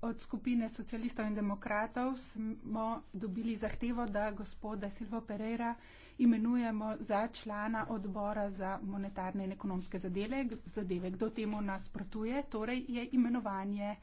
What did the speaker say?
od skupine socialistov in demokratov smo dobili zahtevo, da gospoda Silvo Pereira imenujemo za člana odbora za monetarne in ekonomske zadeve. zadeve. Kdo temu nasprotuje? Torej je imenovanje